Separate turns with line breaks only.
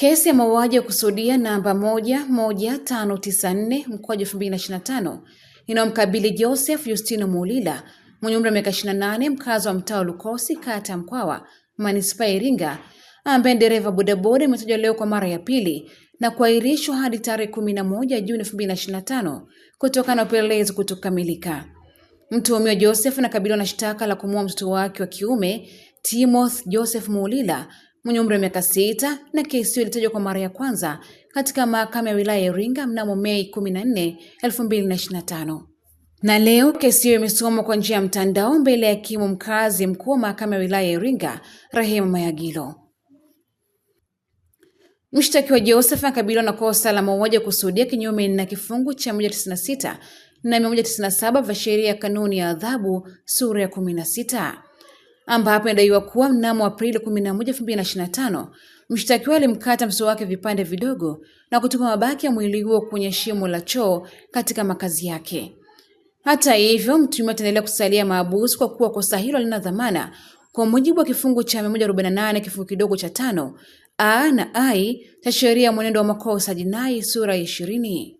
Kesi ya mauaji ya kusudia namba moja moja tano tisa nne mkwaju elfu mbili na ishirini na tano inayomkabili Joseph Justino Muulila mwenye umri wa miaka 28 mkazi wa mtaa wa Lukosi kata ya Mkwawa manispaa ya Iringa ambaye dereva bodaboda imetajwa leo kwa mara ya pili na kuahirishwa hadi tarehe 11 Juni 2025 kutokana na upelelezi kutokamilika. Mtuhumiwa Joseph anakabiliwa na shtaka la kumuua mtoto wake wa kiume Timoth Joseph Muulila mwenye umri wa miaka sita na kesi hiyo ilitajwa kwa mara ya kwanza katika mahakama ya wilaya ya Iringa mnamo Mei 14, 2025. Na leo kesi hiyo imesomwa kwa njia ya mtandao mbele ya hakimu mkazi mkuu wa mahakama ya wilaya ya Iringa, Rehema Mayagilo. Mshtakiwa Joseph anakabiliwa na kosa la mauaji ya kusudia kinyume na kifungu cha 196 na 197 vya sheria ya kanuni ya adhabu sura ya 16 ambapo inadaiwa kuwa mnamo Aprili 11, 2025 mshtakiwa alimkata mso wake vipande vidogo na kutupa mabaki ya mwili huo kwenye shimo la choo katika makazi yake. Hata hivyo, mtuhumiwa ataendelea kusalia mahabusu kwa kuwa kosa hilo halina dhamana kwa mujibu wa kifungu cha 148 kifungu kidogo cha tano a na i cha sheria ya mwenendo wa makosa jinai sura ya ishirini.